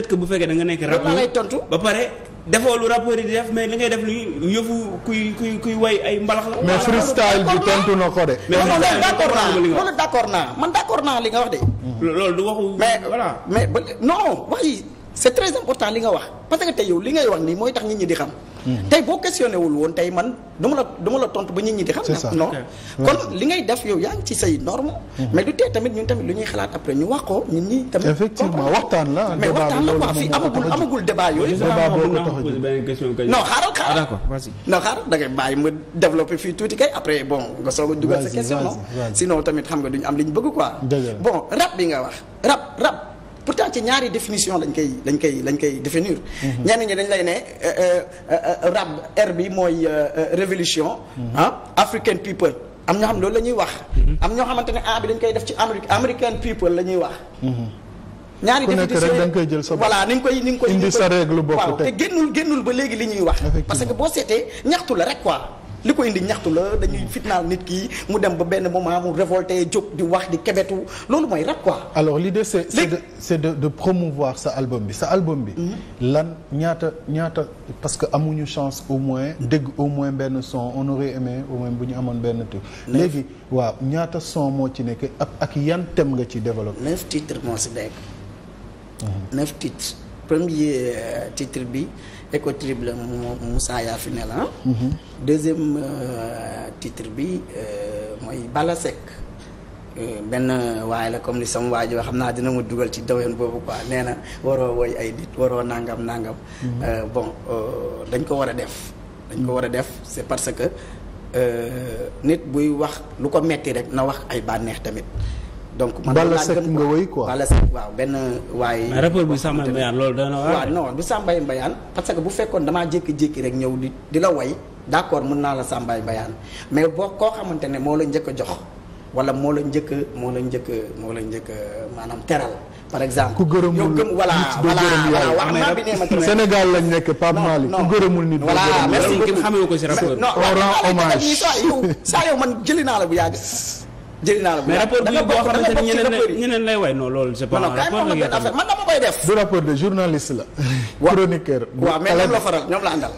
fait que bu fekkee da nga nekk rap ba pare tontu ba pare defoo lu rapport yi di def mais li ngay def lu yëfu kuy kuy kuy way ay mbalax la. mais freestyle bi tontu na ko de. loolu d' accord naa man d' naa li nga wax de. loolu du waxu. mais voilà mais non wax yi. c'est très important li nga wax parce que tey yow li ngay wax nii mooy tax nit ñi di xam. Mhm. tey boo questionné woon tey man du ma la du la tontu ba nit ñi di xam. c'est kon li ngay def yow yaa ngi ci say norme mhm. mais du tee tamit ñun tamit lu ñuy xalaat après ñu wax ko ñun ñii tamit. effectivement waxtaan la mais waxtaan la quoi fii amagul a jóg xaaral xaaral. Ah, d'accord vas xaaral da bàyyi ma développer fii tuuti kay après bon nga soog a dugal sa question non tamit xam nga duñu am li ñu bëgg quoi. bon rab bi nga rab pourtant ci ñaari définition lañ koy lañ koy lañ koy définir. Mhm. ñenn ñi dañ lay ne euh, euh, euh, rab air bi mooy révolution mhm. ah African people am ñoo xam loolu la ñuy wax. Mhm. am ñoo xamante ne A ah, bi dañ koy def ci Amérique American people la ñuy wax. ñaari définition ku nekk rek da nga koy jël sa voilà ni koy ni nga koy indi sa règle bopp te génnul génnul ba léegi li ñuy wax. parce que boo seetee ñaxtu la rek quoi. li ko indi ñaxtu la dañuy fitnaal nit ki mu dem ba benn moment mu révolté jóg di wax di kebetu loolu mooy rap quoi. alors l'idée c'est c'est de c'est de de promouvoir sa album bi sa album bi. Mhm. lan ñaata ñaata parce que amuñu chance au moins dégg au moins benn son on aurait aimé au moins bu ñu amoon benn tur. léegi waaw ñaata son moo ci nekk ak ak yan thème nga ci développé. neuf titres moo si nekk. Mhm. premier euh, titre bi écotrip la Moussa yaa fi ne la mhm. deuxième euh, titre bi euh, mooy Bala Seck benn waaye la comme ni sama waa ji xam naa dina ma dugal ci domaine boobu quoi nee na waroo woy ay nit waroo nangam nangam. Mhm. bon dañ ko war a def. dañ ko war a def c'est parce que nit buy wax lu ko metti rek na wax ay bànneex tamit. donc man Balla Seck nga wëy quoi Balla Seck waaw benn waaye. rapport bu Samba Mbayaan loolu dana waaw non bu Samba Mbayaan parce que bu fekkoon damaa jékki-jékki rek ñëw di di la way d'accord mën naa la Samba Mbayaan mais boo koo xamante ne moo la njëkk a jox wala moo la njëkk moo la njëkk moo la njëkk maanaam teral par exemple ku gërëmul yow gëm wax naa bi ne ma Sénégal lañ nekk Pape Malick ku gërëmul nit voilà merci xamee ko si rapport non hommage naa la bu yàgg jël naa la mais rapport bi boo xamante ni ñeneen ñeneen lay way non loolu c'est pas man dama koy def du rapport de journaliste la chroniqueur waaw mais ñoom la faral ñoom la àndal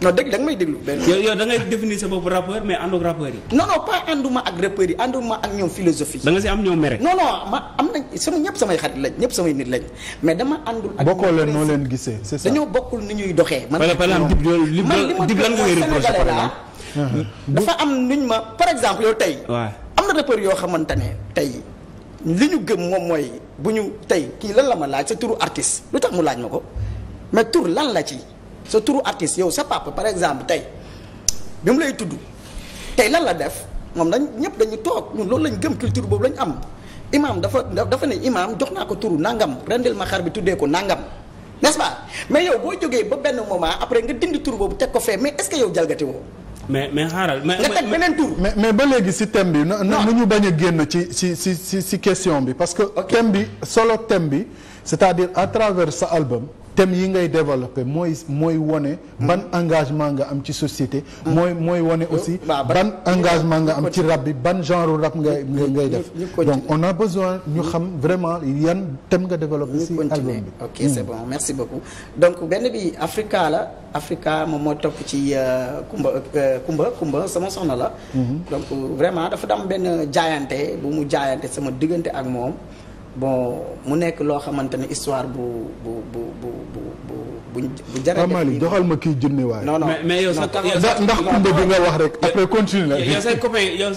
non dëgg da nga may déglu benn yow yow da ngay définir sa bopp rappeur mais àndoo ak rappeur yi non non pas ànduma ak rappeur yi ànduma ak ñoom philosophie da nga si am ñoom mere non non ma am nañ sama ñëpp samay xarit lañ ñëpp samay nit lañ mais dama àndul ak bokkoo leen noo leen gisee c'est ça dañoo bokkul ni ñuy doxee man par exemple dib dib lan nga reproché par exemple ah. dafa am nuñ ma par exemple yow tey waaw am na rappeurs yoo xamante ne tey li ñu gëm moom mooy bu ñu tey kii lan la ma laaj sa turu artiste lu tax mu laaj ma ko mais tur lan la ci sa turu artiste yow sa papa par exemple tey bi mu lay tudd tey lan la def moom dañ ñëpp dañu toog ñun loolu lañ gëm culture boobu lañ am imaam dafa dafa ne imaam jox naa ko turu nangam rendil ma xar bi tuddee ko nangam n'est-ce mais yow boo jógee ba benn moment après nga dindi tur boobu teg ko fee mais est-ce que yow jalgati mais mais xaaral mais nga teg beneen tur. mais mais ba léegi si thème bi. na na ñu bañ a génn ci ci si si si question bi parce que. thème bi solo thème bi c'est-à-dire à travers sa album. thèmes yi ngay développer mooy mooy wone ban engagement nga am ci société mooy mooy wone aussi ban engagement nga am ci rap bi ban genre rap ngay ngay def donc on a besoin ñu xam vraiment yan thème nga développer si album bi ok c'est hmm. bon merci beaucoup donc benn bi Africa la Africa moom moo topp ci euh, Kumba euh, Kumba Kumba sama soxna la hmm. donc vraiment dafa dam benn jaayante bu mu jaayante sama diggante ak moom bon mu nekk loo xamante ne histoire bu bu bu bu bu bu bu jërëjëf. Amali doxal ma kiy junne waaye. non non mais yow sa ndax kumba bi nga wax rek après continue la.